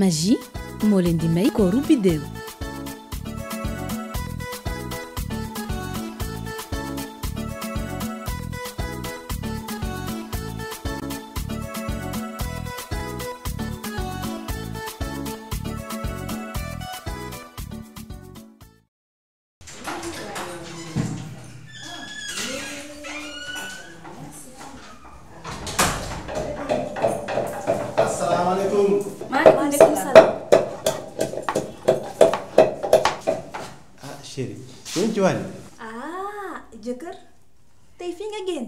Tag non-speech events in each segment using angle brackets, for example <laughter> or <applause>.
magie moo leen di may kooru biddew ñëw ci wàññi. ah jëkkër tey fii nga génn.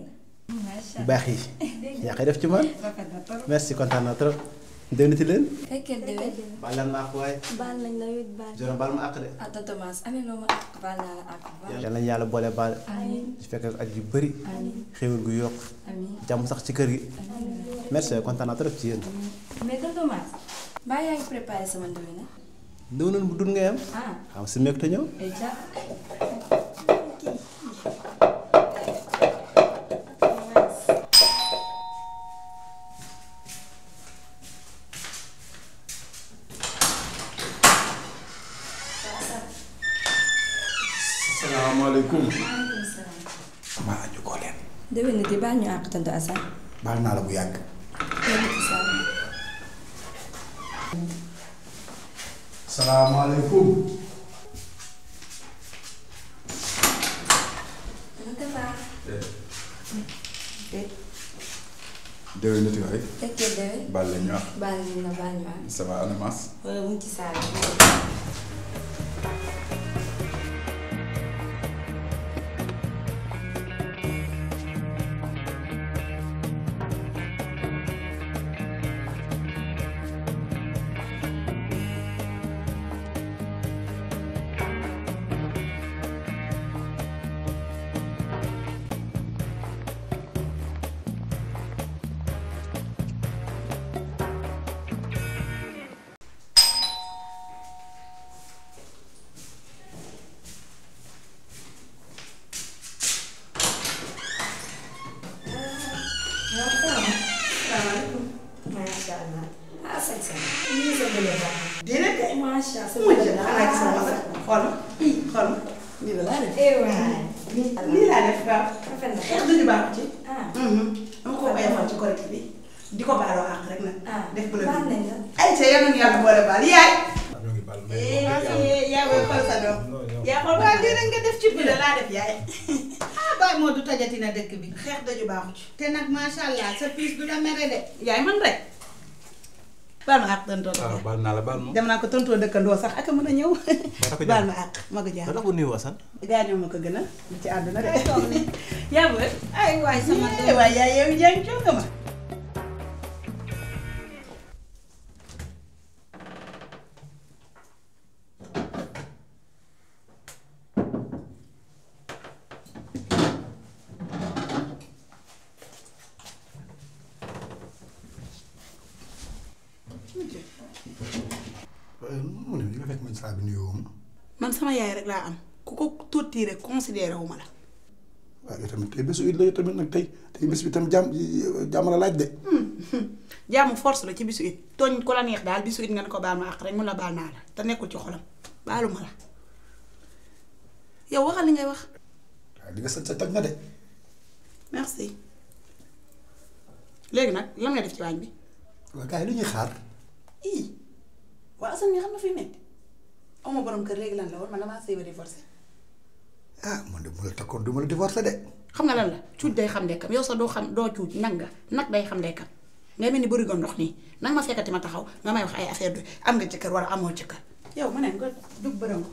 macha baax yi <laughs> yaa koy def ci man. merci kontaan naa trop. déwéniti leen. fekkee déwén. baal nañ waaye. baal nañ yàlla boole baal. amiin su fekkee at yu bëri. amiin xéwal yokk. amiin sax ci kër gi. amiin merci kontaan naa trop ci yéen. mais tonton bu dul ngay am. Ah. xam si meeg te ñëw. asalaamaaleykum. maaleykum salaam. maa aju leen. déwén di baal ñu àq tant Assane. baal naa la bu yàgg. salaamaaleykum. déwén nit waay. la ñu baal nañ la baal ñu àq. ça va ana Mass. ci saa mooy jël xanaa gis nga ma sax xool ma xool ma lii laa def. lii xeex duñu baax ci. dama ko oyofal ci korite bi di ko baaloo àq rek nag. def ko la ay ca yal nañu yàlla boole baal yaay. yaa yaa xool waaw nga def ci bi la laa def yaay. waaye moo du tajatina dëkk bi. xeex daju baax ci. te nag macha allah sa piis du la mere de. yaay man rek. baal ma àq tonton. waaw ah, baal naa la baal ma. dem naa ko tonton dëkkandoo sax ak a mën a ñëw. baal ma àq ma ko jaar ma ko ko nuyoo Assane. gaa ñoo ma ko gën a. ci àdduna de. <laughs> yaa ngi ay waay sama. waay yaay yow yaa ngi coono ma. mu ne nga fekk magistrat bi nuyoo ma. man sama yaay rek laa am ku ko tuuti rek considéré wu la. waaw yow tamit tey bésu it la yow tamit nag tey tey bi tam jàmm jàmm laaj de. Hmm, hmm. jàmm la ci bisu it tooñ ko la neex daal bisu it nga ne ko baal ma àq rek mun la baal naa la te nekkul ci xolam baalu ma la yow waxal li ngay wax. waaw li nga sant sa tag de. merci léegi nag lan nga def ci waañ bi. waaw gars yi lu ñuy xaar. waaw Assane mi xam na fi metti aw ma borom kër léegi lan la woon man damaa sëy ba divorcé. ah man de bu la takkoon du ma la divorcé de. xam nga lan la cuuj day xam ndekkam yow sax doo xam doo cuuj nag nga nag day xam ndekkam ngay mel ni bëri nga ndox nii nag ma fekkati ma taxaw nga may wax ay affaire du am nga jëkkër wala amoo jëkkër yow ma ne nga dug bërëm ko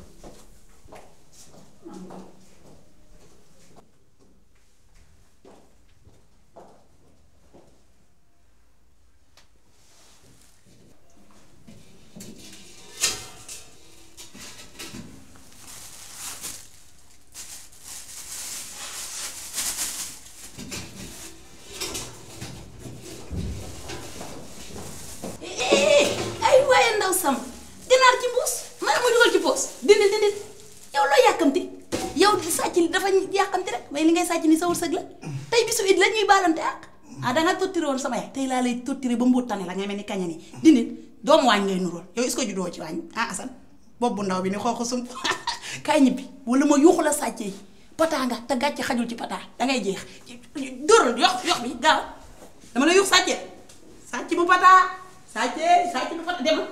yow sam ginaar ci mbuus man ma dugal ci poos dindil dindil yow loo yàkkamti yow sàcc li dafa yàkkamti rek may li ngay sàcc ni sa wërsëg la tey bisu it la ñuy baalante ak ah da nga woon sama yaay tey laa lay torturé ba mbuut tane la ngay mel ni kaña nii dindil doomu waañ ngay nuroon yow est-ce que juddoo ci waañ ah Assane boobu ndaw bi ni xooxu sum <laughs> kaay ñibbi wala ma yuuxu la sàccee pataa nga te gàcce xajul ci pataa dangay jeex dóoral yox yox bi gaaw dama la yuux sàccee sàcc bu pataa sàccee sàcc bu pataa demal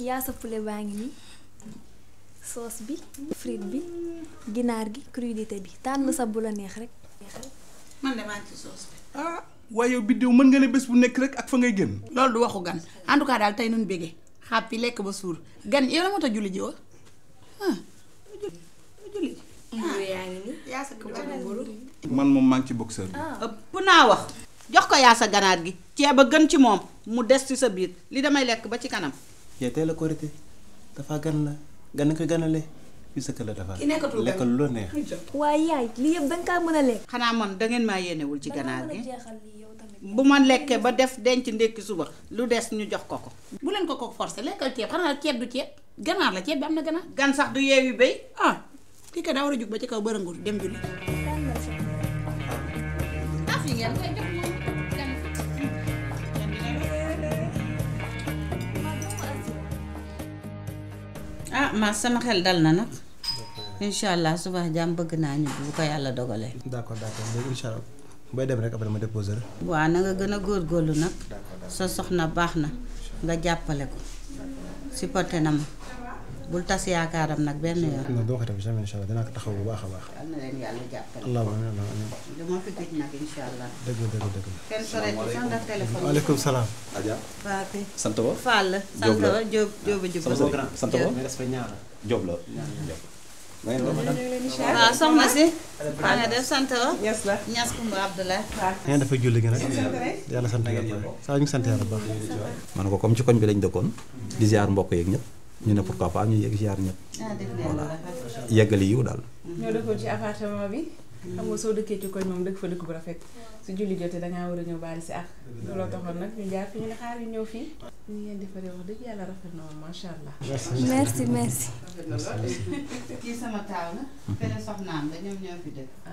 yaa sa poulet baa ngi nii sauce bi frite bi ginaar gi crudité bi tànn sa bu la neex rek. man de maa ci sauce bi. Ah, waaye biddew mën nga ne bés bu nekk rek ak fa ngay génn. lool du waxu gan en tout daal tey nun bégee xàppi lekk ba suur gan yow la ah, ah, moom maa ci boxeur bi. ëpp naa wax. jox ko yaa sa ganaar gi ceeb a gën ci moom mu des ci sa biir li damay lekk ba ci kanam. yaa tey la korité dafa gan la gan nga ko ganale fii sa kër la dafa. ki nekkatul lekkal lu neex. waaye yaay li yëpp da kaa mën a lekk. xanaa man dangeen maa yéenewul ci ganaar gi bu ma lekkee ba def denc ndekki suba lu des ñu jox ko ko. bu leen ko ko forcer lekkal ceeb xanaa ceeb du ceeb ganaar la ceeb bi am na ganaar. gan sax du yeewi béy ah kii kat daa war a jug ba ci kaw bërëngul dem julli. ah sama xel dal na nag. incha allah suba jàmm bëgg naa ñu bu ko yàlla dogalee. d' accord d' accord bay dem rek après ma déposé la. waaw na gën a góorgóorlu nag. sa soxna baax na nga jàppale ko. supporté na ma. bul tas yaakaaram nag benn yoon. na doo ko def baax a baax. am na leen yàlla allah. dëgg soxna si. maa def sant ba. ñas la ñas Kumba Abdoulaye. dafa julli gën a. yàlla sant yàlla. saa ñu sant yàlla bu baax. man ko comme ci koñ bi lañ dëkkoon. di mbokk yeeg ñëpp ñu ne pourquoi pas ñu yegg ziar ñëpp. Ah, voilà yiw daal. ñoo defoon ci appartement bi. xam soo dëkkee ci koñ moom dëkk fa dëkk bu rafet su julli jotee dangaa war a ñëw baali si ak looloo taxoon nag ñëw fii ñu ngeen yàlla macha allah. merci merci.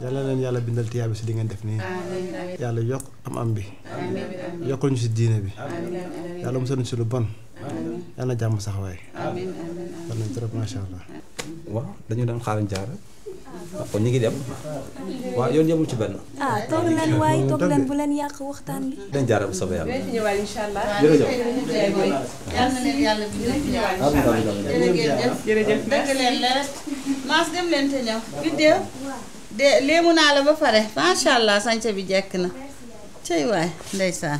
yàlla leen yàlla bindal tiyaabi si li ngeen def nii. yàlla yokk am am bi. yokkal ñu si diine bi. yàlla musal ñu si lu bon. yàlla jàmm sax waay. amiin amiin dañu daan xaaral jaar. Ah, kon ñu ngi dem. waaw yoon yemul ci benn. ah toog leen waaye bu leen yàq waxtaan bi. dañ leen la rek. dem leen te ñëw. biddew de léemu naa la ba pare macha allah sànca bi jekk na. cey waay ndeysaan.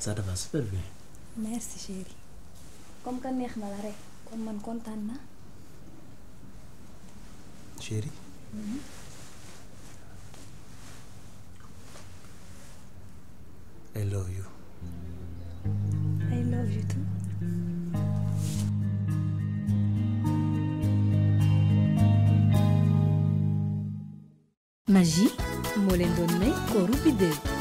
ça comme que neex na la rek kon man kontaan na chérie. Mhm. moo leen doon may kooru biddew